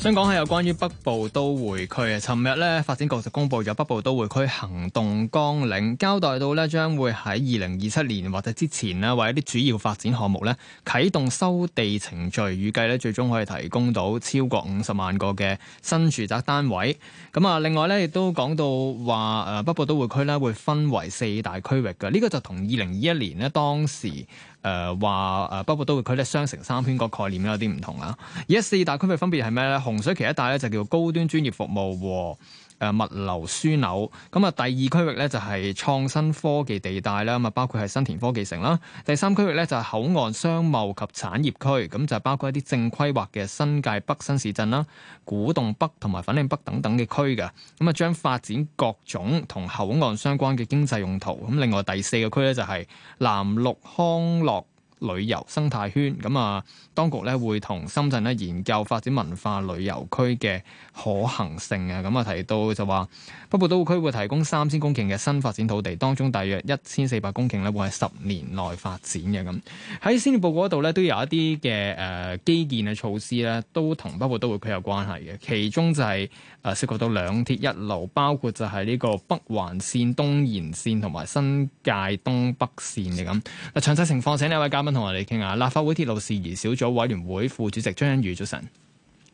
想講係有關於北部都會區啊，尋日咧發展局就公布咗北部都會區行動綱領，交代到咧將會喺二零二七年或者之前咧，為一啲主要發展項目咧啟動收地程序，預計咧最終可以提供到超過五十萬個嘅新住宅單位。咁啊，另外咧亦都講到話誒，北部都會區咧會分為四大區域嘅，呢個就同二零二一年咧當時。誒話誒，北部、呃、都會區咧，雙城三圈個概念有啲唔同啦。而家四大區域分別係咩咧？洪水橋一帶咧就叫高端專業服務哦誒物流樞紐。咁啊第二區域咧就係創新科技地帶啦，咁啊包括係新田科技城啦。第三區域咧就係口岸商貿及產業區，咁就包括一啲正規劃嘅新界北新市鎮啦、古洞北同埋粉嶺北等等嘅區嘅。咁啊將發展各種同口岸相關嘅經濟用途。咁另外第四個區咧就係藍綠康樂。旅遊生態圈，咁啊，當局咧會同深圳咧研究發展文化旅遊區嘅可行性啊，咁啊提到就話北部都會區會提供三千公頃嘅新發展土地，當中大約一千四百公頃咧會喺十年內發展嘅咁。喺施政報告嗰度咧都有一啲嘅誒基建嘅措施咧，都同北部都會區有關係嘅，其中就係、是、誒、呃、涉及到兩鐵一路，包括就係呢個北環線、東延線同埋新界東北線嘅咁。嗱，詳細情況請呢位嘉賓。同我哋傾下立法會鐵路事宜小組委員會副主席張欣宇，早晨，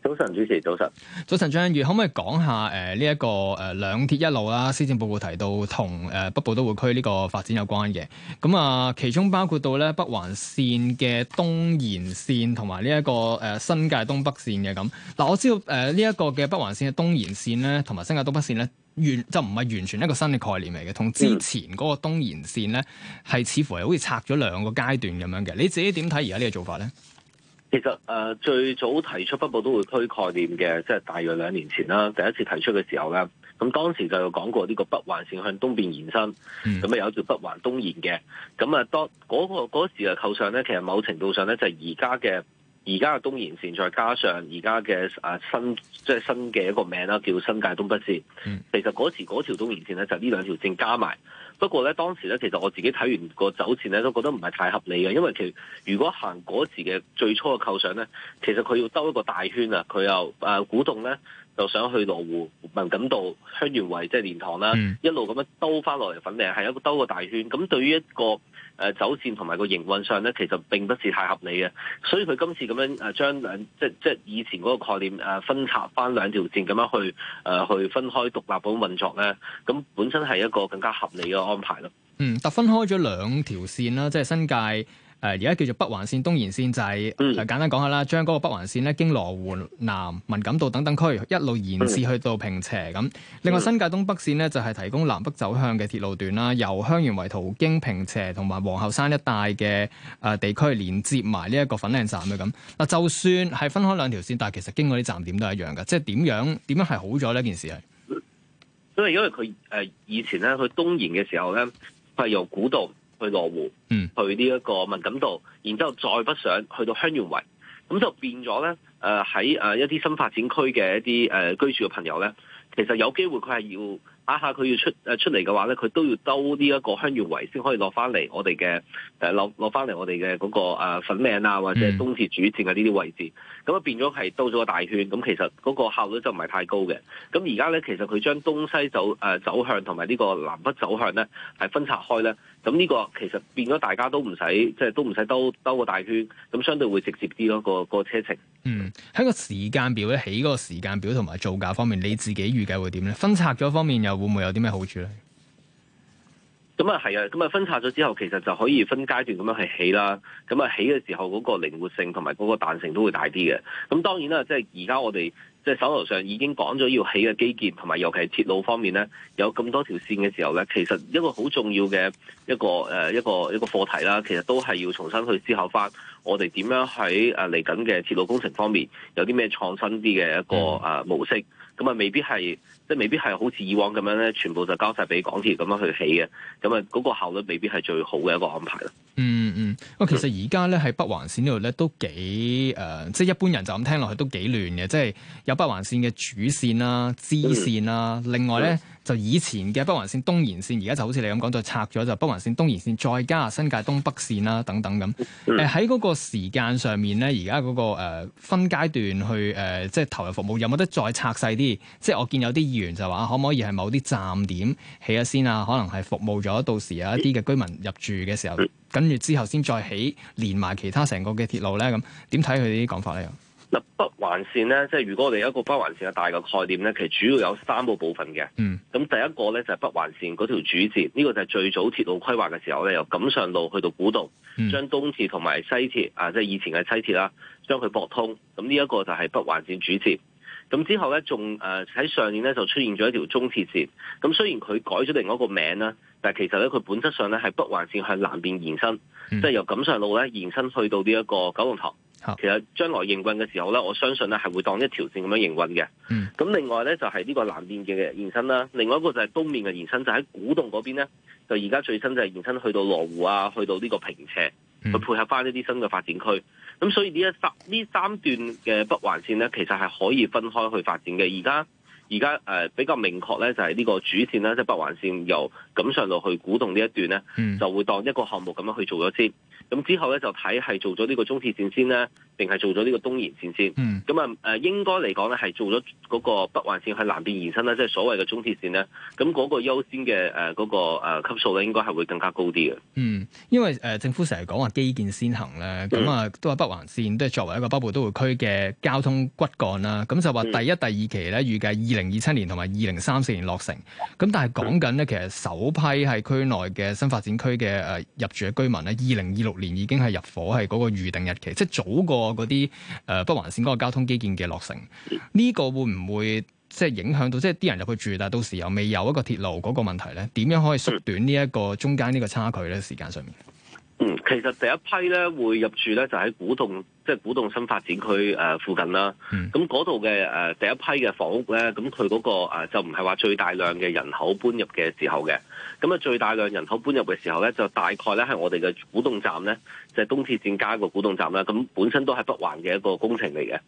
早晨，主持，早晨，早晨，張欣宇可唔可以講下誒？呢、呃、一、個誒兩鐵一路啦、啊，施政報告提到同誒、呃、北部都會區呢個發展有關嘅咁啊，其中包括到咧北環線嘅東延線和、呢個，同埋呢一個誒新界東北線嘅咁嗱。我知道誒呢一個嘅北環線嘅東延線咧，同埋新界東北線咧。完就唔係完全一個新嘅概念嚟嘅，同之前嗰個東延線咧，係似乎係好似拆咗兩個階段咁樣嘅。你自己點睇而家呢個做法咧？其實、呃、最早提出北部都會區概念嘅，即係大約兩年前啦，第一次提出嘅時候咧，咁當時就有講過呢個北環線向東邊延伸，咁啊、嗯、有做北環東延嘅。咁啊當嗰個嗰時嘅構想咧，其實某程度上咧就係而家嘅。而家嘅東延線，再加上而家嘅啊新即係新嘅一個名啦，叫新界東北線。Mm. 其實嗰時嗰條東延線咧，就呢兩條線加埋。不過咧，當時咧，其實我自己睇完個走線咧，都覺得唔係太合理嘅，因為其實如果行嗰時嘅最初嘅構想咧，其實佢要兜一個大圈他啊！佢又誒古洞咧，就想去羅湖文錦道、香園圍即係蓮塘啦，就是 mm. 一路咁樣兜翻落嚟粉嶺，係一個兜個大圈。咁對於一個誒走線同埋個營運上咧，其實並不是太合理嘅，所以佢今次咁樣將兩即即以前嗰個概念誒、啊、分拆翻兩條線咁樣去誒、啊、去分開獨立咁運作咧，咁本身係一個更加合理嘅安排咯。嗯，但分開咗兩條線啦，即係新界。誒而家叫做北環線東延線就係、是、誒、嗯、簡單講下啦，將嗰個北環線咧經羅湖南文錦道等等區一路延至去到坪輋咁、嗯。另外新界東北線咧就係、是、提供南北走向嘅鐵路段啦，由香園圍途經坪輋同埋皇后山一帶嘅誒地區連接埋呢一個粉嶺站咧咁。嗱、啊，就算係分開兩條線，但係其實經過啲站點都係一樣嘅，即係點樣點樣係好咗呢件事係，因為因為佢誒以前咧去東延嘅時候咧係由古道。去羅湖，嗯，去呢一個文錦渡，然之後再北上去到香園圍，咁就變咗咧。誒喺誒一啲新發展區嘅一啲誒、呃、居住嘅朋友咧，其實有機會佢係要啊下佢要出、呃、出嚟嘅話咧，佢都要兜呢一個香園圍先可以攞翻嚟我哋嘅誒攞攞翻嚟我哋嘅嗰個粉嶺啊，或者東鐵主線嘅呢啲位置，咁啊變咗係兜咗個大圈，咁其實嗰個效率就唔係太高嘅。咁而家咧，其實佢將東西走誒、呃、走向同埋呢個南北走向咧係分拆開咧。咁呢個其實變咗大家都唔使，即係都唔使兜兜個大圈，咁相對會直接啲咯，個個車程。嗯，喺個時間表咧，起嗰個時間表同埋造價方面，你自己預計會點咧？分拆咗方面又會唔會有啲咩好處咧？咁啊係啊，咁啊分拆咗之後，其實就可以分階段咁樣去起啦。咁啊起嘅時候嗰個靈活性同埋嗰個彈性都會大啲嘅。咁當然啦，即係而家我哋。即係手頭上已經講咗要起嘅基建，同埋尤其係鐵路方面咧，有咁多條線嘅時候咧，其實一個好重要嘅一個誒、呃、一個一個課題啦，其實都係要重新去思考翻，我哋點樣喺誒嚟緊嘅鐵路工程方面有啲咩創新啲嘅一個誒、呃、模式，咁啊未必係。即未必係好似以往咁樣咧，全部就交晒俾港鐵咁樣去起嘅，咁啊嗰個效率未必係最好嘅一個安排啦、嗯。嗯嗯，哦，其實而家咧喺北環線呢度咧都幾誒、呃，即係一般人就咁聽落去都幾亂嘅，即係有北環線嘅主線啦、啊、支線啦、啊，嗯、另外咧、嗯、就以前嘅北環線東延線，而家就好似你咁講，再拆咗就係、北環線東延線，再加新界東北線啦、啊、等等咁。誒喺嗰個時間上面咧，而家嗰個、呃、分階段去誒、呃、即係投入服務，有冇得再拆細啲？即係我見有啲。員就話可唔可以係某啲站點起一先啊？可能係服務咗到時有一啲嘅居民入住嘅時候，跟住之後先再起連埋其他成個嘅鐵路咧。咁點睇佢啲講法咧？嗱，北環線咧，即係如果我哋有一個北環線嘅大個概念咧，其實主要有三個部分嘅。嗯，咁第一個咧就係北環線嗰條主線，呢個就係最早鐵路規劃嘅時候咧，由錦上路去到古洞，將東鐵同埋西鐵啊，即係以前嘅西鐵啦，將佢駁通。咁呢一個就係北環線主線。咁之後咧，仲誒喺上年咧就出現咗一條中鐵線。咁雖然佢改咗另外一個名啦，但其實咧佢本質上咧係北環線向南邊延伸，嗯、即係由錦上路咧延伸去到呢一個九龍塘。好其實將來營運嘅時候咧，我相信咧係會當一條線咁樣營運嘅。咁、嗯、另外咧就係、是、呢個南邊嘅延伸啦，另外一個就係東面嘅延伸就喺、是、古洞嗰邊咧，就而家最新就係延伸去到羅湖啊，去到呢個平斜，嗯、去配合翻呢啲新嘅發展區。咁所以呢一三呢三段嘅北環線咧，其實係可以分開去發展嘅。而家而家誒比較明確咧，就係呢個主線啦，即係北環線由錦上路去古洞呢一段咧，就會當一個項目咁樣去做咗先。咁之後咧就睇係做咗呢個中鐵線先啦，定係做咗呢個東延線先。嗯，咁啊誒，應該嚟講咧係做咗嗰個北環線喺南邊延伸啦，即係所謂嘅中鐵線咧。咁嗰個優先嘅嗰個誒級數咧，應該係會更加高啲嘅。嗯，因為、呃、政府成日講話基建先行咧，咁、嗯、啊都係北環線都係作為一個北部都會區嘅交通骨幹啦。咁就話第一、嗯、第二期咧預計二零二七年同埋二零三四年落成。咁但係講緊咧，嗯、其實首批係區內嘅新發展區嘅、呃、入住嘅居民咧，二零二六年已經係入伙，係嗰個預定日期，即係早過嗰啲誒北環線嗰個交通基建嘅落成。呢、這個會唔會即係影響到，即係啲人入去住，但到時又未有一個鐵路嗰個問題咧？點樣可以縮短呢一個中間呢個差距咧？時間上面，嗯，其實第一批咧會入住咧就喺、是、古洞，即、就、係、是、古洞新發展區誒、呃、附近啦。咁嗰度嘅誒第一批嘅房屋咧，咁佢嗰個、呃、就唔係話最大量嘅人口搬入嘅時候嘅。咁啊，最大量人口搬入嘅時候咧，就大概咧係我哋嘅古洞站咧，就東鐵線加一個古洞站啦。咁本身都係北環嘅一個工程嚟嘅。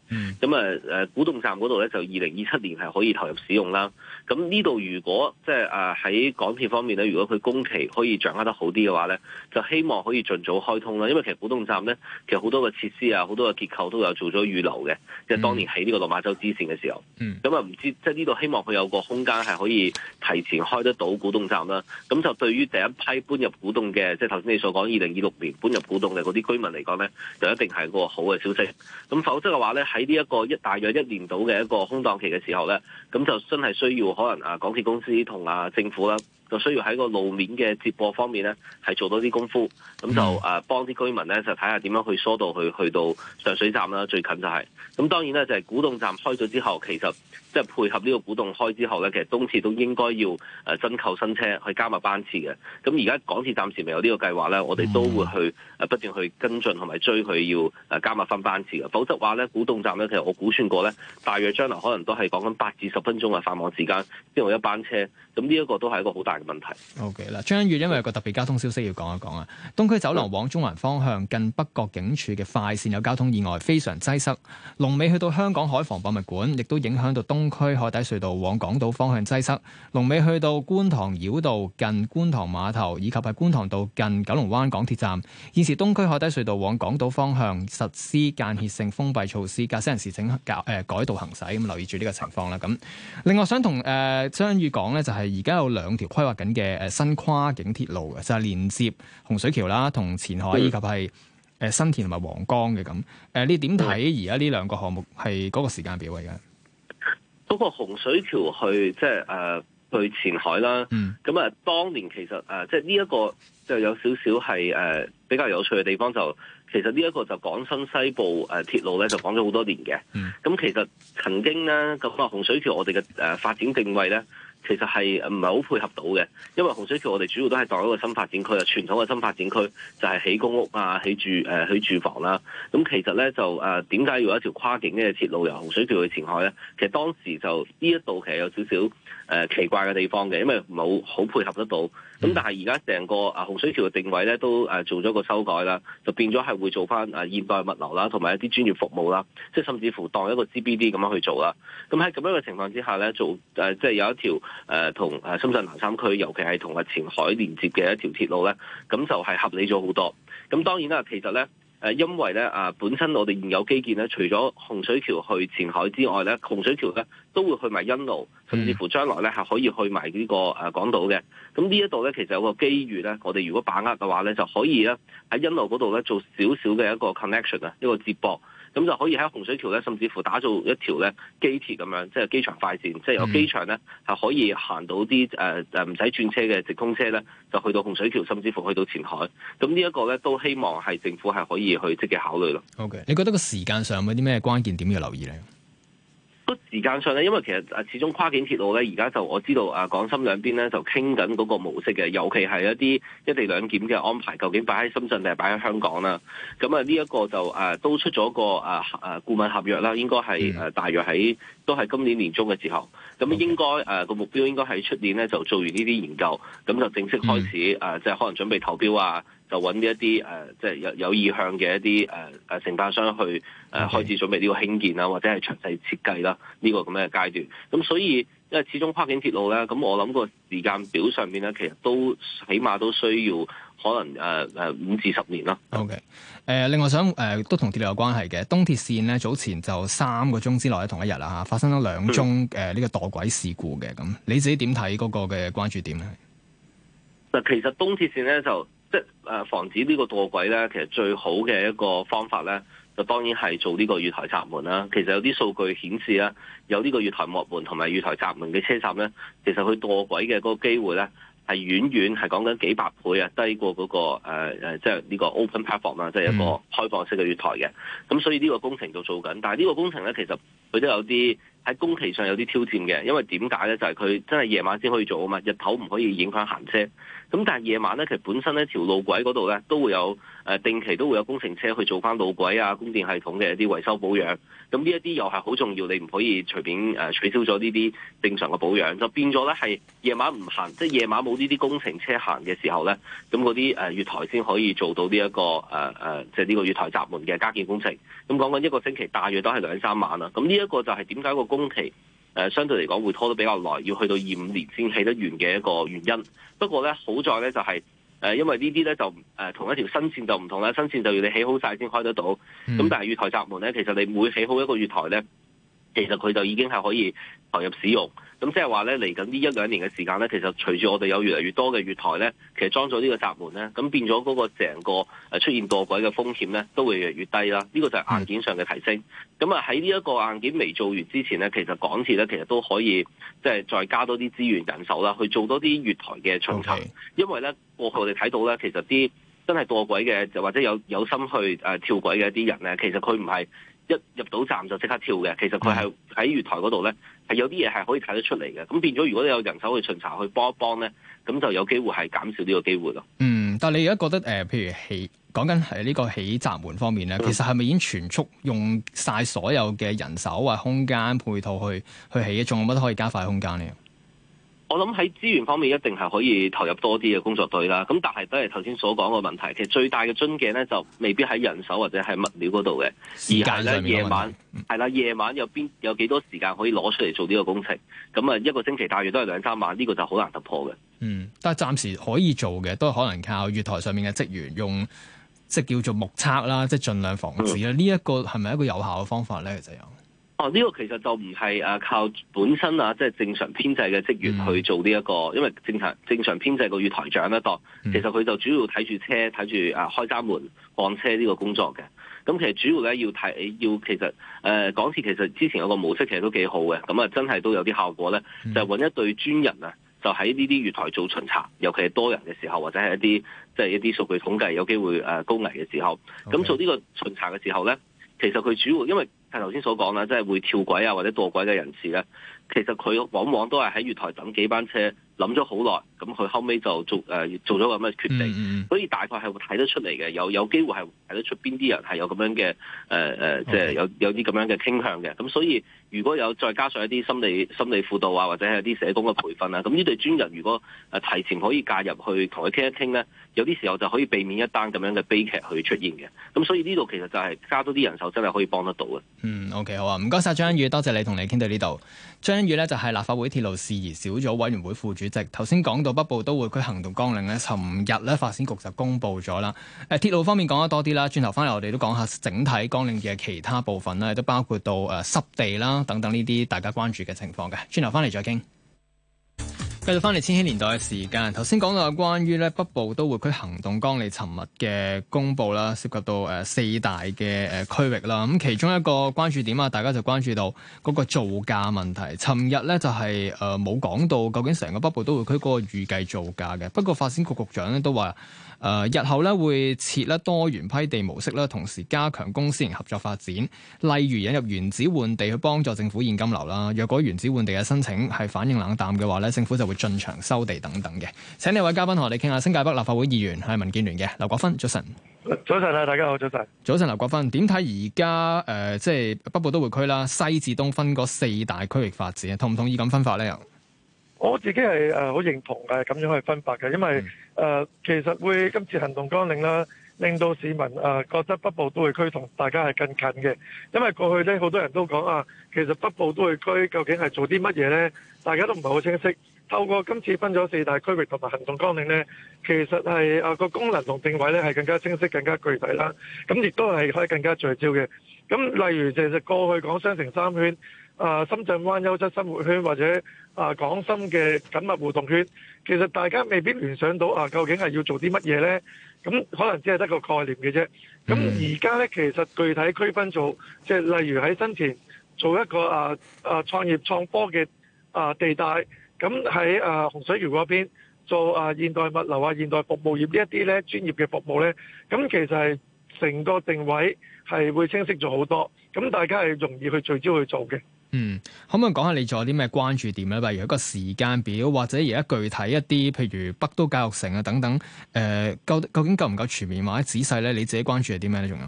咁啊，誒古洞站嗰度咧，就二零二七年係可以投入使用啦。咁呢度如果即係喺港鐵方面咧，如果佢工期可以掌握得好啲嘅話咧，就希望可以盡早開通啦。因為其實古洞站咧，其實好多嘅設施啊，好多嘅結構都有做咗預留嘅，即係當年喺呢個落馬洲支線嘅時候。咁啊、mm.，唔知即係呢度希望佢有個空間係可以提前開得到古洞站啦。咁就對於第一批搬入古洞嘅，即係頭先你所講二零二六年搬入古洞嘅嗰啲居民嚟講呢，就一定係一個好嘅消息。咁否則嘅話呢，喺呢一個一大約一年到嘅一個空檔期嘅時候呢，咁就真係需要可能啊，港鐵公司同啊政府啦。就需要喺個路面嘅接駁方面咧，係做多啲功夫，咁就誒、啊、幫啲居民咧，就睇下點樣去疏導去去到上水站啦，最近就係、是、咁。當然咧，就係、是、古洞站開咗之後，其實即係、就是、配合呢個古洞開之後咧，其實東鐵都應該要誒增購新車去加密班次嘅。咁而家港鐵暫時未有呢個計劃咧，我哋都會去誒不斷去跟進同埋追佢要誒加密翻班次嘅。否則話咧，古洞站咧，其實我估算過咧，大約將來可能都係講緊八至十分鐘嘅繁忙時間，因為一班車。咁呢一個都係一個好大嘅問題。O K 啦，張宇因為有個特別交通消息要講一講啊。東區走廊往中環方向近北角警署嘅快線有交通意外，非常擠塞。龍尾去到香港海防博物館，亦都影響到東區海底隧道往港島方向擠塞。龍尾去到觀塘繞道近觀塘碼頭，以及喺觀塘道近九龍灣港鐵站。現時東區海底隧道往港島方向實施間歇性封閉措施，駕駛人士請改誒改道行駛，咁留意住呢個情況啦。咁另外想同誒、呃、張宇講呢就係、是。而家有兩條規劃緊嘅誒新跨境鐵路嘅，就係、是、連接洪水橋啦，同前海以及係誒新田同埋皇崗嘅咁。誒，你點睇而家呢兩個項目係嗰個時間表嚟嘅？嗰個洪水橋去即係誒去前海啦。咁啊、嗯，當年其實誒，即係呢一個就有少少係誒比較有趣嘅地方就，就其實呢一個就港深西部誒、呃、鐵路咧，就講咗好多年嘅。咁、嗯、其實曾經咧，咁啊洪水橋我哋嘅誒發展定位咧。其實係唔係好配合到嘅，因為洪水橋我哋主要都係當一個新發展區啊，傳統嘅新發展區就係起公屋啊、起住誒、起住房啦、啊。咁其實咧就誒點解要有一條跨境嘅鐵路由洪水橋去前海咧？其實當時就呢一度其實有少少誒奇怪嘅地方嘅，因為冇好配合得到。咁但係而家成個啊洪水橋嘅定位咧都誒做咗個修改啦，就變咗係會做翻誒現代物流啦，同埋一啲專業服務啦，即係甚至乎當一個 CBD 咁樣去做啦。咁喺咁樣嘅情況之下咧，做、呃、即係有一條。誒同誒深圳南山區，尤其係同埋前海連接嘅一條鐵路咧，咁就係合理咗好多。咁當然啦，其實咧誒，因為咧啊，本身我哋現有基建咧，除咗洪水橋去前海之外咧，洪水橋咧都會去埋欣路，甚至乎將來咧係可以去埋呢個誒港島嘅。咁呢一度咧，其實有個機遇咧，我哋如果把握嘅話咧，就可以咧喺欣路嗰度咧做少少嘅一個 connection 啊，一個接駁。咁就可以喺洪水橋咧，甚至乎打造一條咧機鐵咁樣，即係機場快線，即係有機場咧係可以行到啲誒誒唔使轉車嘅直通車咧，就去到洪水橋，甚至乎去到前海。咁呢一個咧都希望係政府係可以去積極考慮咯。OK，你覺得個時間上有冇啲咩關鍵點要留意咧？出時間上咧，因為其實啊，始終跨境鐵路咧，而家就我知道啊，港深兩邊咧就傾緊嗰個模式嘅，尤其係一啲一地兩檢嘅安排，究竟擺喺深圳定係擺喺香港啦？咁啊，呢一個就誒都出咗個誒誒顧問合約啦，應該係誒大約喺都係今年年中嘅時候，咁應該誒個 Okay.、啊、目標應該喺出年咧就做完呢啲研究，咁就正式開始誒，即、mm. 啊即係、可能準備投標啊。就揾呢一啲誒，即係有有意向嘅一啲誒誒承辦商去誒開始準備呢個興建啦，或者係詳細設計啦呢個咁嘅階段。咁所以因為始終跨境鐵路咧，咁我諗個時間表上面咧，其實都起碼都需要可能誒五至十年啦。OK，誒、呃、另外想誒、呃、都同鐵路有關係嘅東鐵線咧，早前就三個鐘之內同一日啦嚇發生咗兩宗誒呢、嗯呃這個墜軌事故嘅咁，你自己點睇嗰個嘅關注點咧？其實東鐵線咧就。即係誒防止呢個墮軌呢，其實最好嘅一個方法呢，就當然係做呢個月台閘門啦。其實有啲數據顯示啦，有呢個月台幕門同埋月台閘門嘅車站呢，其實佢墮軌嘅嗰個機會咧，係遠遠係講緊幾百倍啊，低過嗰個誒誒，即係呢個 open platform 即係一個開放式嘅月台嘅。咁所以呢個工程就做緊，但係呢個工程呢，其實佢都有啲。喺工期上有啲挑戰嘅，因為點解咧？就係佢真係夜晚先可以做啊嘛，日頭唔可以影響行車咁，但係夜晚咧，其實本身咧條路軌嗰度咧都會有。定期都會有工程車去做翻路軌啊、供電系統嘅一啲維修保養，咁呢一啲又係好重要，你唔可以隨便取消咗呢啲正常嘅保養，就變咗呢係夜晚唔行，即係夜晚冇呢啲工程車行嘅時候呢。咁嗰啲誒月台先可以做到呢，這、一個誒誒，即係呢個月台閘門嘅加建工程。咁講緊一個星期大約都係兩三晚啦。咁呢一個就係點解個工期誒，呃、相對嚟講會拖得比較耐，要去到二五年先起得完嘅一個原因。不過呢，好在呢就係，是。誒，因為呢啲咧就誒同、呃、一條新綫就唔同啦，新綫就要你起好晒先開得到。咁、嗯、但係月台閘門咧，其實你每起好一個月台咧。其實佢就已經係可以投入使用，咁即係話咧，嚟緊呢一兩年嘅時間咧，其實隨住我哋有越嚟越多嘅月台咧，其實裝咗呢個閘門咧，咁變咗嗰個成個誒，出現過軌嘅風險咧，都會越嚟越低啦。呢、這個就係硬件上嘅提升。咁啊喺呢一個硬件未做完之前咧，其實港鐵咧其實都可以即係再加多啲資源人手啦，去做多啲月台嘅巡查。Okay. 因為咧，過去我哋睇到咧，其實啲真係過軌嘅，就或者有有心去誒、呃、跳軌嘅一啲人咧，其實佢唔係。一入到站就即刻跳嘅，其實佢係喺月台嗰度咧，係有啲嘢係可以睇得出嚟嘅。咁變咗，如果你有人手去巡查去幫一幫咧，咁就有機會係減少呢個機會咯。嗯，但你而家覺得誒、呃，譬如起講緊呢個起閘門方面咧，嗯、其實係咪已經全速用晒所有嘅人手或空間配套去去起？仲有乜可以加快空間呢？我諗喺資源方面一定係可以投入多啲嘅工作隊啦，咁但係都係頭先所講嘅問題，其實最大嘅樽頸咧，就未必喺人手或者喺物料嗰度嘅，時間而係咧，夜晚係啦，夜、嗯、晚有邊有幾多時間可以攞出嚟做呢個工程？咁、嗯、啊，一個星期大約都係兩三晚，呢個就好難突破嘅。嗯，但係暫時可以做嘅都係可能靠月台上面嘅職員用即係叫做目測啦，即係盡量防止呢一、嗯、個係咪一個有效嘅方法咧？其實有？哦，呢、這個其實就唔係靠本身啊，即、就、係、是、正常編制嘅職員去做呢、這、一個，嗯、因為正常正常編制個月台長得當、嗯、其實佢就主要睇住車、睇住啊開閘門放車呢個工作嘅。咁其實主要咧要睇要，其實誒港鐵其實之前有個模式，其實都幾好嘅。咁啊，真係都有啲效果咧，嗯、就揾一隊專人啊，就喺呢啲月台做巡查，尤其係多人嘅時候，或者係一啲即係一啲數據統計有機會誒高危嘅時候，咁做呢個巡查嘅時候咧，其實佢主要因為，係頭先所講啦，即係會跳軌啊或者墮軌嘅人士咧，其實佢往往都係喺月台等幾班車，諗咗好耐。咁佢後尾就做、呃、做咗個咁嘅決定，mm hmm. 所以大概係會睇得出嚟嘅，有有機會係睇得出邊啲人係有咁樣嘅呃、呃、即係有有啲咁樣嘅傾向嘅。咁 Okay. 所以如果有再加上一啲心理心理輔導啊，或者係一啲社工嘅培訓啊，咁呢對專人如果提前可以介入去同佢傾一傾咧，有啲時候就可以避免一單咁樣嘅悲劇去出現嘅。咁所以呢度其實就係加多啲人手真係可以幫得到嘅。嗯，OK 好啊，唔該晒張欣宇，多謝你同你傾到呢度。張欣宇呢，就係、是、立法會鐵路事宜小組委，委員會副主席，頭先講到。到北部都會區行動綱領咧，尋日咧發展局就公布咗啦。誒、uh, 鐵路方面講得多啲啦，轉頭翻嚟我哋都講下整體綱領嘅其他部分啦，亦都包括到誒濕地啦等等呢啲大家關注嘅情況嘅。轉頭翻嚟再傾。繼續翻嚟千禧年代嘅時間，頭先講到有關於咧北部都會區行動綱領尋日嘅公布啦，涉及到誒四大嘅誒區域啦，咁其中一個關注點啊，大家就關注到嗰個造價問題。尋日咧就係誒冇講到究竟成個北部都會區嗰個預計造價嘅，不過發展局局長咧都話。誒、呃，日後咧會設咧多元批地模式咧，同時加強公私營合作發展，例如引入原址換地去幫助政府現金流啦。若果原址換地嘅申請係反應冷淡嘅話咧，政府就會進場收地等等嘅。請呢位嘉賓同我哋傾下，新界北立法會議員係民建聯嘅劉國勳，早晨。早晨啊，大家好，早晨。早晨，劉國勳，點睇而家誒，即係北部都會區啦，西至東分嗰四大區域發展，同唔同意咁分法咧？我自己係誒好認同嘅，咁樣去分法嘅，因為，嗯誒，其實會今次行動綱領啦，令到市民誒覺得北部都會區同大家係更近嘅，因為過去呢，好多人都講啊，其實北部都會區究竟係做啲乜嘢呢？大家都唔係好清晰。透過今次分咗四大區域同埋行動綱領呢，其實係啊個功能同定位呢係更加清晰、更加具體啦。咁亦都係可以更加聚焦嘅。咁例如其實過去講雙城三圈。啊，深圳灣優質生活圈或者啊，港深嘅緊密互動圈，其實大家未必聯想到啊，究竟係要做啲乜嘢呢？咁可能只係得個概念嘅啫。咁而家呢，其實具體區分做，即係例如喺新田做一個啊啊創業創科嘅啊地帶，咁喺啊洪水橋嗰邊做啊現代物流啊現代服務業呢一啲呢專業嘅服務呢，咁其實係成個定位係會清晰咗好多，咁大家係容易去聚焦去做嘅。嗯，可唔可以講下你仲有啲咩關注點咧例如一個時間表，或者而家具體一啲，譬如北都教育城啊等等，誒、呃，究竟夠唔夠全面或者仔細咧？你自己關注係啲咩咧？仲有？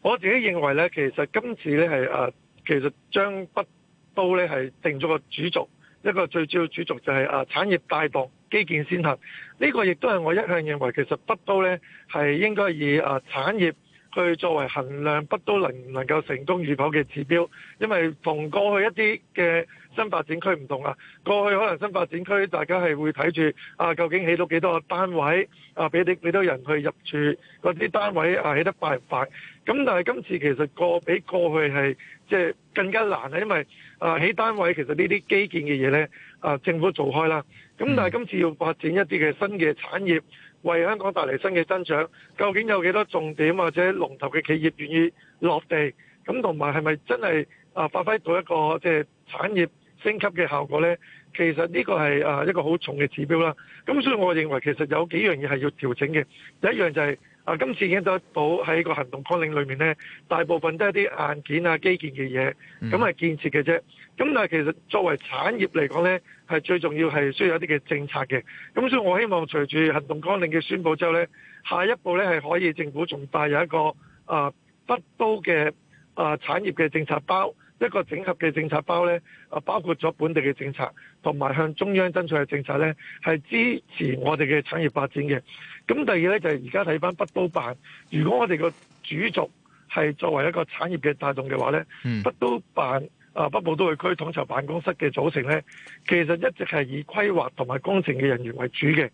我自己認為咧，其實今次咧係誒，其實將北都咧係定咗個主軸，一個最主要主軸就係誒，產業帶動基建先行。呢、這個亦都係我一向認為，其實北都咧係應該以誒產業。佢作為衡量北都能唔能夠成功與否嘅指標，因為同過去一啲嘅新發展區唔同啦。過去可能新發展區大家係會睇住啊，究竟起到幾多個單位啊，俾啲幾多人去入住嗰啲單位啊，起得快唔快？咁但係今次其實過比過去係即係更加難啦，因為啊起單位其實呢啲基建嘅嘢呢，啊，政府做開啦。咁但係今次要發展一啲嘅新嘅產業。為香港帶嚟新嘅增長，究竟有幾多重點或者龍頭嘅企業願意落地？咁同埋係咪真係啊發揮到一個即係產業升級嘅效果呢？其實呢個係啊一個好重嘅指標啦。咁所以我認為其實有幾樣嘢係要調整嘅，第一樣就係，是。啊！今次已經得到喺個行動綱領裏面呢，大部分都係啲硬件啊、基建嘅嘢，咁係建設嘅啫。咁但係其實作為產業嚟講呢，係最重要係需要一啲嘅政策嘅。咁所以我希望隨住行動綱領嘅宣佈之後呢，下一步呢係可以政府仲帶有一個啊北都嘅啊產業嘅政策包。一個整合嘅政策包呢，啊包括咗本地嘅政策，同埋向中央爭取嘅政策呢係支持我哋嘅產業發展嘅。咁第二呢，就係而家睇翻北都辦，如果我哋個主軸係作為一個產業嘅帶動嘅話呢、嗯、北都辦，啊北部都會區統籌辦公室嘅組成呢，其實一直係以規劃同埋工程嘅人員為主嘅。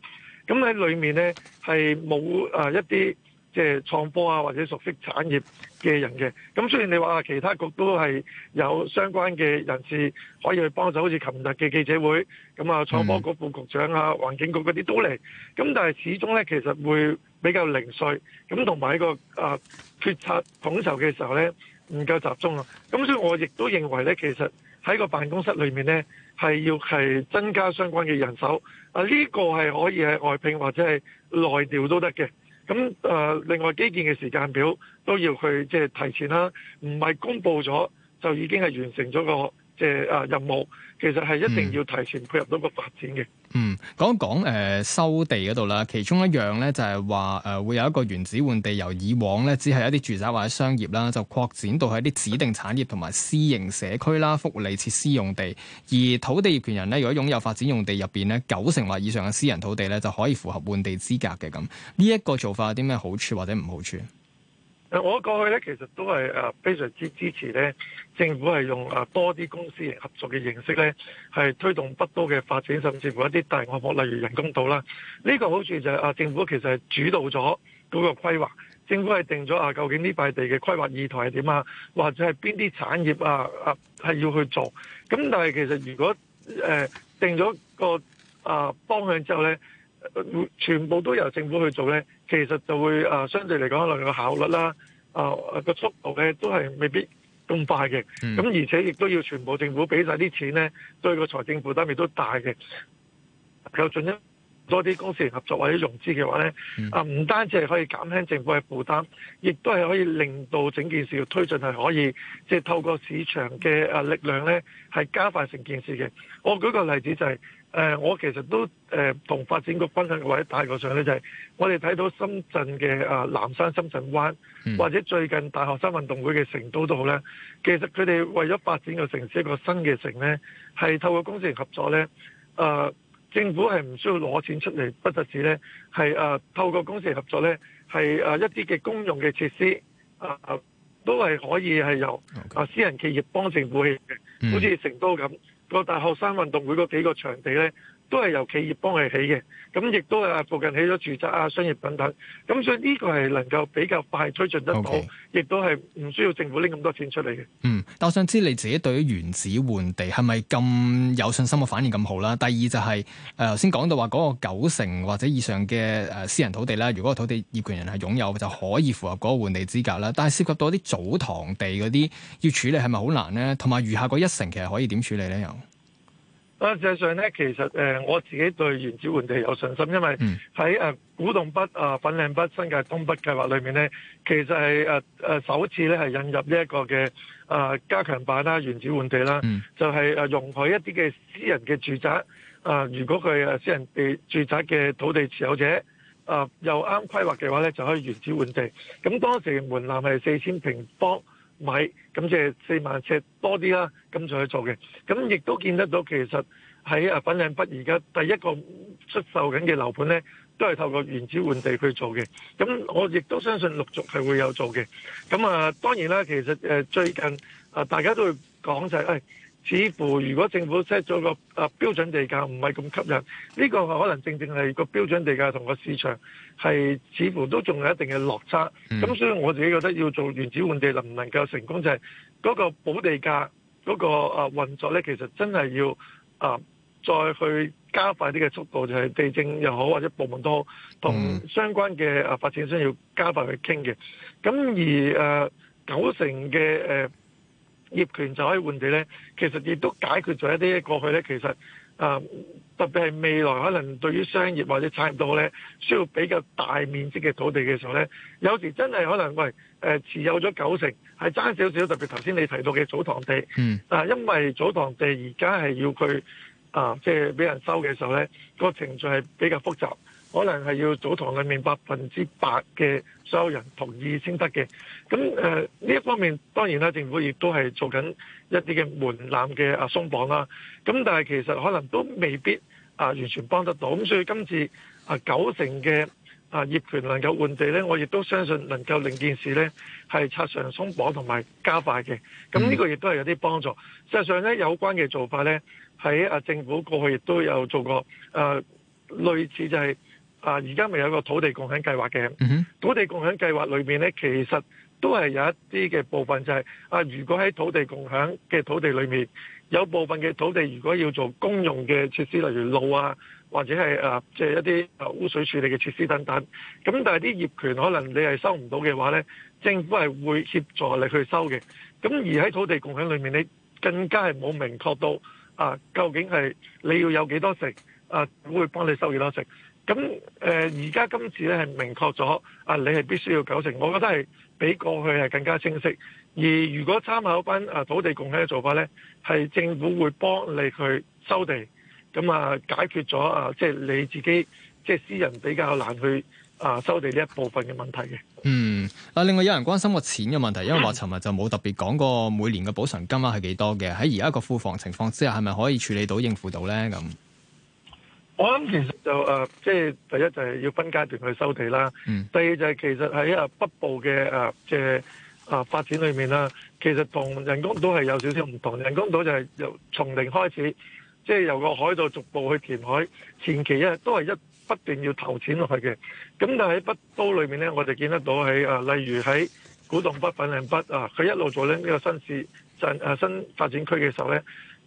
咁喺裏面呢，係冇一啲。即係創科啊，或者熟悉產業嘅人嘅。咁雖然你話其他局都係有相關嘅人士可以去幫手，好似琴日嘅記者會，咁啊創科局副局局長啊、環境局嗰啲都嚟。咁但係始終咧，其實會比較零碎。咁同埋一個啊決策統籌嘅時候咧，唔夠集中啊。咁所以我亦都認為咧，其實喺個辦公室裏面咧，係要係增加相關嘅人手。啊呢、這個係可以係外聘或者係內調都得嘅。咁誒，另外基建嘅時間表都要去即係提前啦，唔係公佈咗就已經係完成咗個。即係任務，其實係一定要提前配合到個發展嘅。嗯，講一講誒、呃、收地嗰度啦，其中一樣咧就係話誒會有一個原址換地，由以往咧只係一啲住宅或者商業啦，就擴展到喺啲指定產業同埋私營社區啦、啊、福利設施用地。而土地業權人咧，如果擁有發展用地入面咧九成或以上嘅私人土地咧，就可以符合換地資格嘅咁。呢一、這個做法有啲咩好處或者唔好處？我過去咧，其實都係非常之支持咧，政府係用多啲公私合作嘅形式咧，係推動北都嘅發展，甚至乎一啲大項目，例如人工島啦。呢個好處就係啊，政府其實係主導咗嗰個規劃，政府係定咗啊，究竟呢塊地嘅規劃意圖係點啊，或者係邊啲產業啊啊係要去做。咁但係其實如果誒定咗個啊方向之後咧。全部都由政府去做呢，其實就會相對嚟講，可能個效率啦，啊、呃、個速度呢都係未必咁快嘅。咁、嗯、而且亦都要全部政府俾晒啲錢呢，對個財政負擔亦都大嘅。有進一步多啲公私營合作或者融資嘅話呢，嗯、啊唔單止係可以減輕政府嘅負擔，亦都係可以令到整件事嘅推進係可以，即、就、係、是、透過市場嘅力量呢係加快成件事嘅。我舉個例子就係、是。誒、呃，我其實都誒同、呃、發展局分享或者大個上咧，就係、是、我哋睇到深圳嘅啊、呃、南山深圳灣，嗯、或者最近大學生運動會嘅成都都好咧。其實佢哋為咗發展個城市一個新嘅城咧，係透過公私營合作咧，誒、呃、政府係唔需要攞錢出嚟，不特止咧，係誒、呃、透過公私營合作咧，係誒、呃、一啲嘅公用嘅設施，誒、呃、都係可以係由啊私人企業幫政府起嘅，好似、嗯、成都咁。個大學生運動會嗰幾個場地咧？都係由企業幫佢起嘅，咁亦都係附近起咗住宅啊、商業等等，咁所以呢個係能夠比較快推進得到，亦都係唔需要政府拎咁多錢出嚟嘅。嗯，但我想知你自己對原址換地係咪咁有信心嘅反應咁好啦？第二就係誒頭先講到話嗰個九成或者以上嘅私人土地啦，如果土地業權人係擁有就可以符合嗰個換地資格啦。但係涉及到啲祖堂地嗰啲要處理係咪好難呢？同埋餘下嗰一成其實可以點處理呢？又？啊，實際上咧，其實誒、呃、我自己對原址換地有信心，因為喺誒、嗯、古洞北啊粉嶺北新界東北計劃裏面咧，其實係誒誒首次咧係引入呢一個嘅誒、呃、加強版啦，原址換地啦，嗯、就係誒容許一啲嘅私人嘅住宅，啊、呃，如果佢誒私人地住宅嘅土地持有者啊、呃、又啱規劃嘅話咧，就可以原址換地。咁當時門檻係四千平方。買咁即係四萬尺多啲啦，咁就去做嘅，咁亦都見得到其實喺啊粉嶺北而家第一個出售緊嘅樓盤咧，都係透過原址換地去做嘅，咁我亦都相信陸續係會有做嘅，咁啊當然啦，其實誒最近啊大家都會講就誒、係。哎似乎如果政府 set 咗個啊標準地價唔係咁吸引，呢、這個可能正正係個標準地價同個市場係似乎都仲有一定嘅落差。咁、嗯、所以我自己覺得要做原址換地能唔能夠成功，就係嗰個補地價嗰、那個啊運作呢，其實真係要啊、呃、再去加快啲嘅速度，就係、是、地政又好或者部門都好同相關嘅啊發展商要加快去傾嘅。咁而誒、呃、九成嘅誒。呃業權就可以換地咧，其實亦都解決咗一啲過去咧，其實啊、呃，特別係未來可能對於商業或者產業度咧，需要比較大面積嘅土地嘅時候咧，有時真係可能喂誒、呃、持有咗九成係爭少少，特別頭先你提到嘅祖堂地，嗯、呃，但因為祖堂地而家係要佢啊、呃，即係俾人收嘅時候咧，個程序係比較複雜。可能係要祖堂裏面百分之百嘅所有人同意先得嘅，咁誒呢一方面當然啦，政府亦都係做緊一啲嘅門檻嘅啊鬆綁啦，咁但係其實可能都未必啊完全幫得到，咁所以今次啊九成嘅啊業權能夠換地呢，我亦都相信能夠令件事呢係拆上鬆綁同埋加快嘅，咁呢個亦都係有啲幫助。實際上呢，有關嘅做法呢，喺啊政府過去亦都有做過、呃，誒類似就係、是。啊！而家咪有個土地共享計劃嘅，土地共享計劃裏面呢，其實都係有一啲嘅部分，就係、是、啊，如果喺土地共享嘅土地裏面，有部分嘅土地如果要做公用嘅設施，例如路啊，或者係啊，即係一啲污水處理嘅設施等等。咁但係啲業權可能你係收唔到嘅話呢，政府係會協助你去收嘅。咁而喺土地共享裏面，你更加係冇明確到啊，究竟係你要有幾多成，啊會幫你收幾多成。咁誒而家今次咧係明確咗啊，你係必須要九成，我覺得係比過去係更加清晰。而如果參考翻啊土地共享嘅做法咧，係政府會幫你去收地，咁啊解決咗啊即係你自己即係私人比較難去啊收地呢一部分嘅問題嘅。嗯，啊另外有人關心個錢嘅問題，因為我尋日就冇特別講過每年嘅補償金啊係幾多嘅，喺而家個庫房情況之下係咪可以處理到應付到咧咁？我諗其實就誒，即係第一就係要分階段去收地啦。嗯、第二就係其實喺啊北部嘅誒即啊發展裏面啦，其實同人工島係有少少唔同。人工島就係由從零開始，即係由個海度逐步去填海。前期啊都係一不斷要投錢落去嘅。咁但喺北都裏面咧，我哋見得到喺啊，例如喺古洞北粉嶺北啊，佢一路做咧呢個新市鎮誒新發展區嘅時候咧，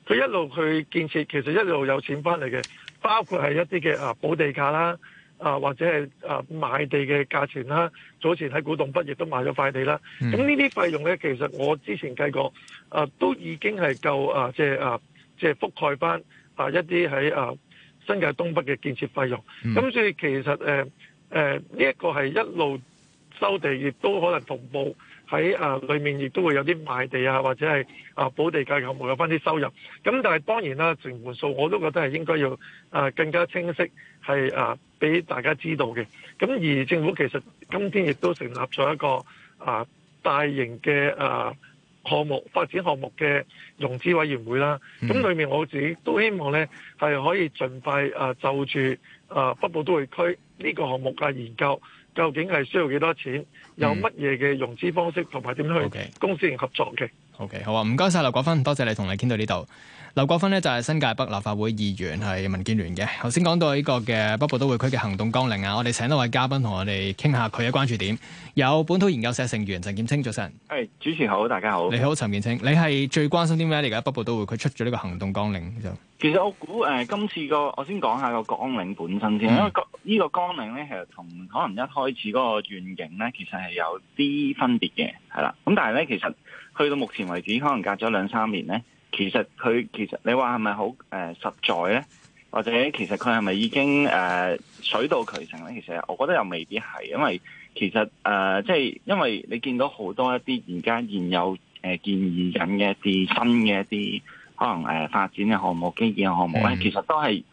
佢一路去建設，其實一路有錢翻嚟嘅。包括係一啲嘅啊補地價啦，啊或者係啊賣地嘅價錢啦，早前喺古洞北亦都賣咗塊地啦。咁呢啲費用咧，其實我之前計過，啊都已經係夠啊，即係啊，即係覆蓋翻啊一啲喺啊新界東北嘅建設費用。咁、嗯、所以其實誒誒呢一個係一路收地，亦都可能同步。喺誒裏面亦都會有啲賣地啊，或者係啊補地價嘅項目有翻啲收入。咁但係當然啦，成盤數我都覺得係應該要誒、啊、更加清晰，係誒俾大家知道嘅。咁而政府其實今天亦都成立咗一個啊大型嘅誒項目發展項目嘅融資委員會啦。咁裏、嗯、面我自己都希望咧係可以盡快誒就住誒、啊、北部都會區呢個項目嘅研究。究竟係需要幾多錢？有乜嘢嘅融資方式同埋點樣去公司營合作嘅 okay？OK，好啊，唔該晒。劉國勳，多謝你同你傾到呢度。劉國勳呢，就係、是、新界北立法會議員，係民建聯嘅。頭先講到呢個嘅北部都會區嘅行動綱領啊，我哋請多位嘉賓同我哋傾下佢嘅關注點。有本土研究社成員陳劍青，早晨。係、hey, 主持好，大家好，你好陳劍青，你係最關心啲咩？而家北部都會區出咗呢個行動綱領就，其實我估誒、呃，今次個我先講下個綱領本身先，嗯、因為個呢個綱領咧，其實同可能一開始嗰個願景咧，其實係有啲分別嘅，係啦。咁但係咧，其實去到目前為止，可能隔咗兩三年咧。其實佢其實你話係咪好誒實在咧？或者其實佢係咪已經誒、呃、水到渠成咧？其實我覺得又未必係，因為其實誒即係因為你見到好多一啲而家現有誒建議緊嘅一啲新嘅一啲可能誒、呃、發展嘅項目基建嘅項目咧，mm hmm. 其實都係誒、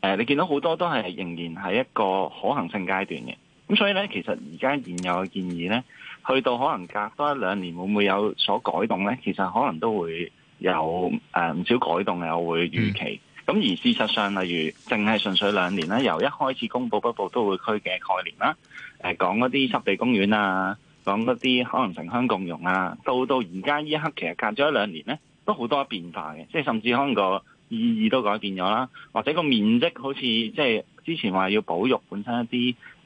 呃、你見到好多都係仍然係一個可行性階段嘅。咁所以咧，其實而家現有嘅建議咧，去到可能隔多一兩年會唔會有所改動咧？其實可能都會。有誒唔少改動嘅，我會預期。咁、嗯、而事實上，例如淨係純粹兩年，由一開始公佈北部都會區嘅概念啦，誒、呃、講嗰啲濕地公園啊，講嗰啲可能城鄉共融啊，到到而家呢一刻其實隔咗一兩年咧，都好多變化嘅，即係甚至可能個意義都改變咗啦，或者個面積好似即係之前話要保育本身一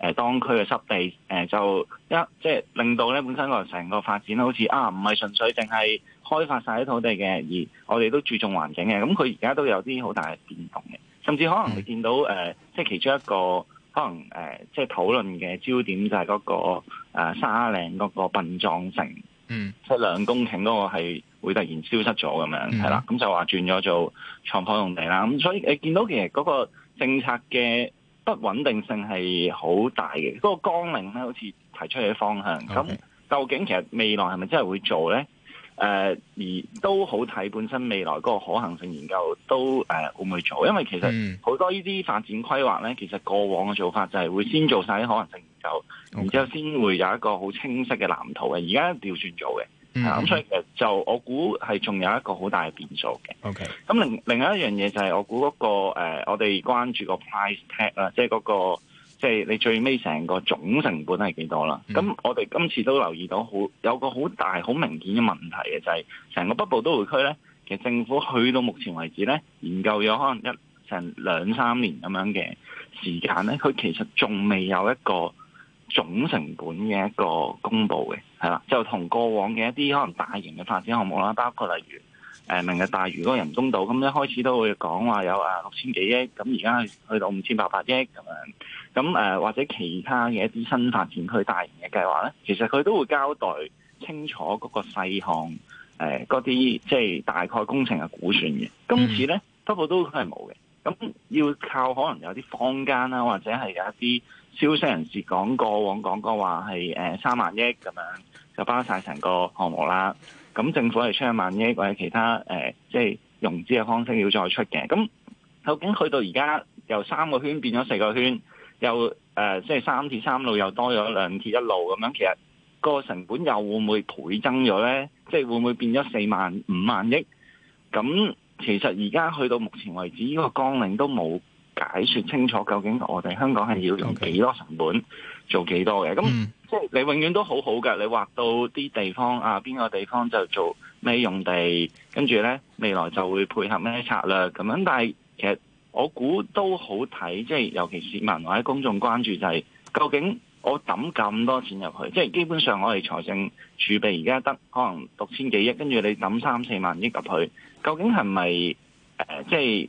啲誒當區嘅濕地，誒就一即係、就是、令到咧本身個成個發展好似啊唔係純粹淨係開發晒啲土地嘅，而我哋都注重環境嘅，咁佢而家都有啲好大嘅變動嘅，甚至可能你見到誒、呃、即係其中一個可能誒、呃、即係討論嘅焦點就係嗰、那個、呃、沙嶺嗰個殯葬城。嗯，即係兩公頃嗰個係會突然消失咗咁樣，係啦、嗯，咁就話轉咗做廠房用地啦。咁所以你見到其實嗰個政策嘅不穩定性係、那個、好大嘅，嗰個綱領咧好似提出嘅方向，咁 Okay. 究竟其實未來係咪真係會做咧？誒、呃，而都好睇，本身未來嗰個可行性研究都誒、呃、會唔會做？因為其實好多呢啲發展規劃咧，其實過往嘅做法就係會先做晒啲可行性研究，Okay. 然之後先會有一個好清晰嘅藍圖嘅。而家調轉做嘅，咁、mm hmm. 啊、所以就我估係仲有一個好大嘅變數嘅。OK，咁、嗯、另另外一樣嘢就係我估嗰、那個誒、呃，我哋關注個 price tag，、那個 price tag 啦，即係嗰個。即係你最尾成個總成本係幾多啦？咁、嗯、我哋今次都留意到好有個好大好明顯嘅問題嘅，就係成個北部都會區呢，其實政府去到目前為止呢，研究咗可能一成兩三年咁樣嘅時間呢，佢其實仲未有一個總成本嘅一個公佈嘅。係啦，就同過往嘅一啲可能大型嘅發展項目啦，包括例如。誒，明日大嶼個人工島，咁一開始都會講話有啊六千幾億，咁而家去到五千八百億咁樣，咁誒或者其他嘅一啲新發展區大型嘅計劃咧，其實佢都會交代清楚嗰個細項，誒，嗰啲即係大概工程嘅估算嘅。今次咧，不過都係冇嘅，咁要靠可能有啲坊間啦，或者係有一啲消息人士講過往講過話係誒三萬億咁樣，就包晒成個項目啦。咁政府係出一萬億，或者其他誒，即係融資嘅方式要再出嘅。咁究竟去到而家由三個圈變咗四個圈，又誒，即係三鐵三路又多咗兩鐵一路咁樣，其實個成本又會唔會倍增咗呢？即係會唔會變咗四萬、五萬億？咁其實而家去到目前為止，呢個綱領都冇解説清楚，究竟我哋香港係要用幾多成本？Okay. 做幾多嘅咁，嗯、即係你永遠都好好嘅。你畫到啲地方啊，邊個地方就做咩用地，跟住呢未來就會配合咩策略。咁樣。但係其實我估都好睇，即係尤其是市民或者公眾關注就係、是，究竟我抌咁多錢入去，即係基本上我哋財政儲備而家得可能六千幾億，跟住你抌三四萬億入去，究竟係咪、呃、即係、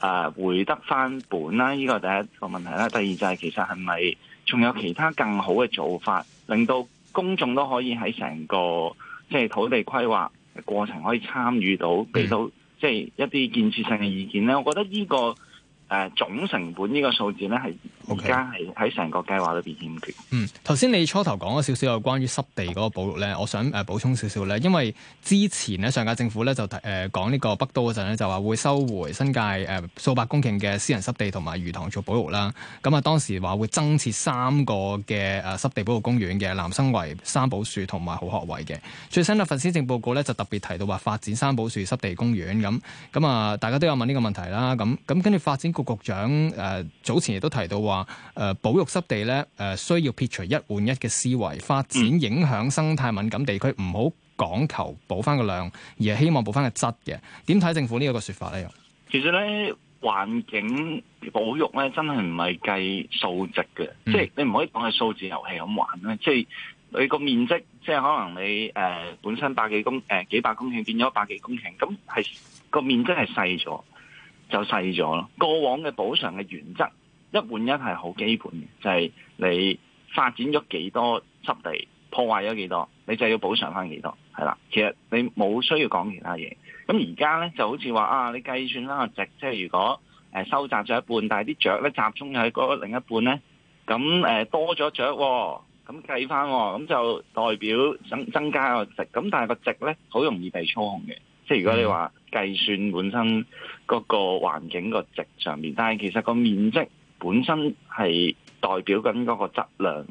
呃、回得翻本啦？呢、呢個第一個問題啦。第二就係其實係咪？仲有其他更好嘅做法，令到公眾都可以喺成個即係、就是、土地規劃過程可以參與到，俾到即係、就是、一啲建設性嘅意見咧。我覺得呢、呢個。誒、呃、總成本呢個數字呢，係而家係喺成個計劃裏邊欠缺。Okay. 嗯，頭先你初頭講咗少少有關於濕地嗰個保育呢，我想誒、呃、補充少少呢，因為之前呢，上屆政府呢，就誒、呃、講呢個北都嗰陣咧，就話會收回新界誒、呃、數百公頃嘅私人濕地同埋魚塘做保育啦。咁、嗯、啊當時話會增設三個嘅誒、啊、濕地保育公園嘅，南生圍、三寶樹同埋蠔殼圍嘅。最新嘅一份施政報告呢，就特別提到話發展三寶樹濕地公園咁，咁啊大家都有問呢個問題啦。咁咁跟住發展。局局長誒早前亦都提到話誒保育濕地咧，誒需要撇除一換一嘅思維，發展影響生態敏感地區，唔好講求補翻個量，而係希望補翻個質嘅。點睇政府呢一個説法咧？其實咧環境保育咧真係唔係計數值嘅，即係你唔可以講係數字遊戲咁玩啦。即係你個面積，即係可能你誒本身百幾公誒幾百公頃變咗百幾公頃，咁係個面積係細咗。就細咗咯。過往嘅補償嘅原則，一換一係好基本嘅，就係、係、你發展咗幾多濕地，破壞咗幾多，你就要補償翻幾多，係啦。其實你冇需要講其他嘢。咁而家咧就好似話啊，你計算返個值，即係如果收窄咗一半，但係啲雀咧集中喺嗰另一半咧，咁、呃、多咗雀、哦，咁計翻，咁就代表增增加個值。咁但係個值咧好容易被操控嘅。即係如果你話計算本身嗰個環境個值上面，但係其實個面積本身係代表緊嗰個質量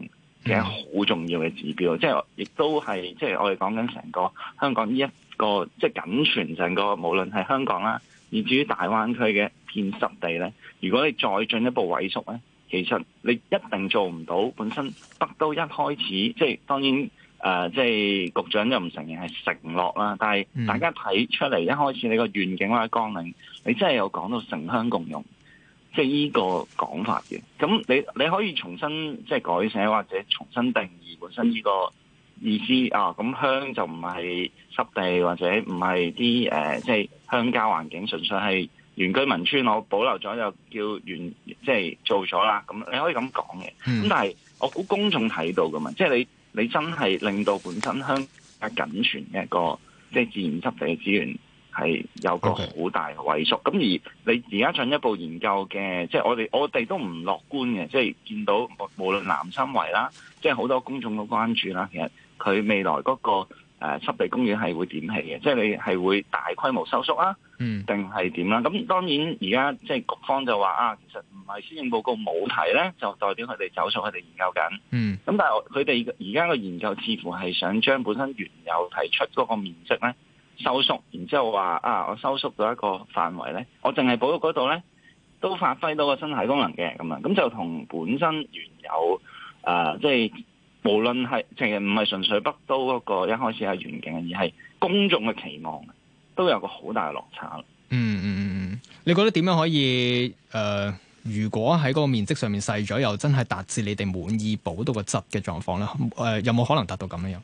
嘅好重要嘅指標，mm. 即係亦都係即係我哋講緊成個香港呢、這、一個即係僅存成個無論係香港啦，以至於大灣區嘅片濕地咧，如果你再進一步萎縮咧，其實你一定做唔到本身北都一開始即係當然。誒、呃，即係局長就唔承認係承諾啦，但係大家睇出嚟，嗯、一開始你個願景或者綱領，你真係有講到城鄉共融，即係呢個講法嘅。咁你你可以重新即係改寫或者重新定義本身呢個意思啊。咁鄉就唔係濕地或者唔係啲誒，即係鄉郊環境，純粹係原居民村，我保留咗又叫原，即係做咗啦。咁你可以咁講嘅。咁、嗯、但係我估公眾睇到㗎嘛，即係你。你真係令到本身香港僅存嘅一個即係自然濕地嘅資源係有個好大嘅萎縮，咁 Okay. 而你而家進一步研究嘅，即、就、係、是、我哋我哋都唔樂觀嘅，即、就、係、是、見到無論南生圍啦，即係好多公眾都關注啦，其實佢未來嗰、那個誒濕、呃、地公園係會點起嘅，即、就、係、是、你係會大規模收縮啦、啊。嗯，定係點啦？咁當然而家即係局方就話啊，其實唔係施政報告冇提咧，就代表佢哋走數，佢哋研究緊。嗯，咁但係佢哋而家個研究似乎係想將本身原有提出嗰個面積咧收縮，然之後話啊，我收縮到一個範圍咧，我淨係保育嗰度咧，都發揮到個生態功能嘅咁樣，咁就同本身原有誒、呃就是，即係無論係其實唔係純粹北都嗰個一開始係願景，而係公眾嘅期望。都有個好大嘅落差。嗯嗯嗯嗯，你覺得點樣可以？誒、呃，如果喺嗰個面積上面細咗，又真係達至你哋滿意保到個質嘅狀況咧？誒、呃，有冇可能達到咁樣？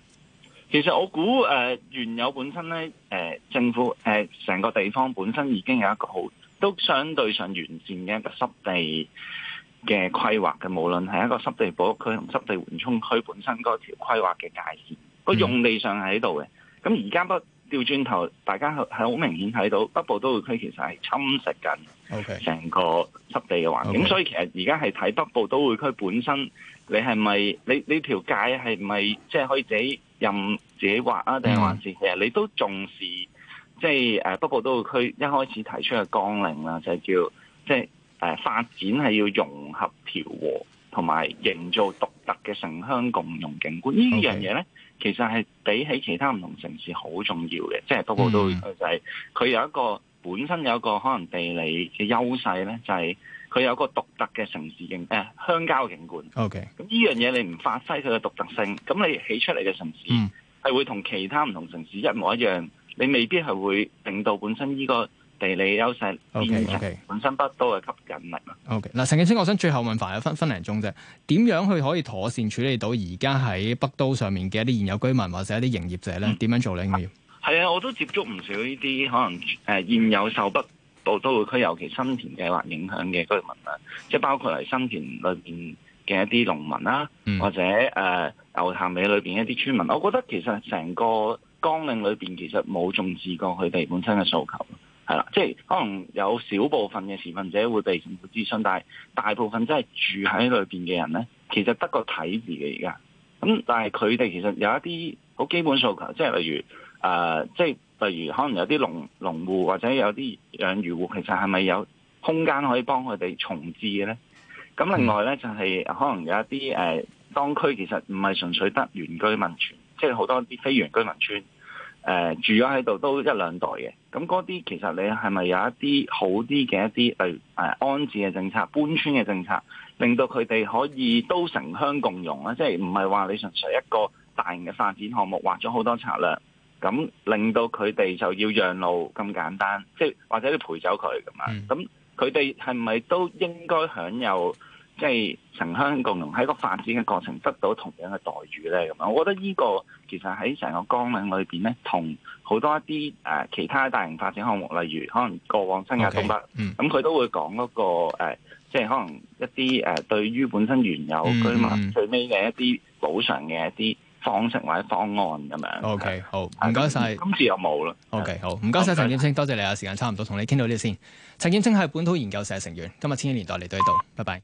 其實我估誒、呃、原有本身咧、呃、政府誒成、呃、個地方本身已經有一個好都相對上完善嘅一個濕地嘅規劃嘅，無論係一個濕地保護區同濕地緩衝區本身嗰條規劃嘅界線，個、嗯、用地上喺度嘅。咁而家不掉轉頭，大家係好明顯睇到北部都會區其實係侵蝕緊成個濕地嘅環境，咁 Okay. Okay. 所以其實而家係睇北部都會區本身，你係咪你你條界係咪即係可以自己任自己劃啊？定係還是，還是、mm. 其實你都重視即係誒北部都會區一開始提出嘅綱領啦，就係叫即係誒發展係要融合調和。同埋營造獨特嘅城鄉共融景觀，呢 Okay. 樣嘢呢，其實係比起其他唔同城市好重要嘅，即係個個都會、mm hmm. 就係佢有一個本身有一個可能地理嘅優勢呢，就係、是、佢有一個獨特嘅城市景誒、呃、鄉郊景觀。OK，咁呢樣嘢你唔發揮佢嘅獨特性，咁你起出嚟嘅城市係會同其他唔同城市一模一樣，mm hmm. 你未必係會令到本身呢、這個，地理優勢，OK, okay. 本身北都嘅吸引力啊。OK，嗱、呃，陳劍青，我想最後問返，一分分零鐘啫，點樣去可以妥善處理到而家喺北都上面嘅一啲現有居民或者一啲營業者咧？點、嗯、樣做咧？應該要係啊，我都接觸唔少呢啲可能誒、呃、現有受北部都會區尤其新田計劃影響嘅居民，的民啊，即係包括嚟新田裏邊嘅一啲農民啦，或者誒、呃、牛潭尾裏邊一啲村民。我覺得其實成個綱領裏邊其實冇重視過佢哋本身嘅訴求。係啦，即係可能有少部分嘅持份者會被政府諮詢，但係大部分真係住喺裏邊嘅人咧，其實得個睇字嘅而家。咁但係佢哋其實有一啲好基本訴求，即係例如誒、呃，即係例如可能有啲農農戶或者有啲養魚戶，其實係咪有空間可以幫佢哋重置嘅咧？咁另外咧、嗯、就係可能有一啲誒、呃，當區其實唔係純粹得原居民村，即係好多啲非原居民村誒、呃，住咗喺度都一兩代嘅。咁嗰啲其實你係咪有一啲好啲嘅一啲，例如誒安置嘅政策、搬遷嘅政策，令到佢哋可以都城鄉共融，即係唔係話你純粹一個大型嘅發展項目，劃咗好多策略，咁令到佢哋就要讓路咁簡單，即係或者要賠走佢咁。咁佢哋係咪都應該享有？即係城鄉共融喺個發展嘅過程得到同樣嘅待遇咧，咁樣我覺得呢個其實喺成個綱領裏邊咧，同好多一啲誒、呃、其他大型發展項目，例如可能過往新界東北咁，佢 Okay,、嗯、都會講嗰、那個、呃、即係可能一啲誒、呃、對於本身原有居民、嗯、最尾嘅一啲補償嘅一啲方式或者方案咁樣。O Okay , K，是好唔該晒。今、啊、次又冇啦。O、okay, K，好唔該晒。陳劍青，多謝，謝你啊！時間差唔多跟，同你傾到呢度先。陳劍青係本土研究社成員，今日《千禧年代》嚟到呢度，拜拜。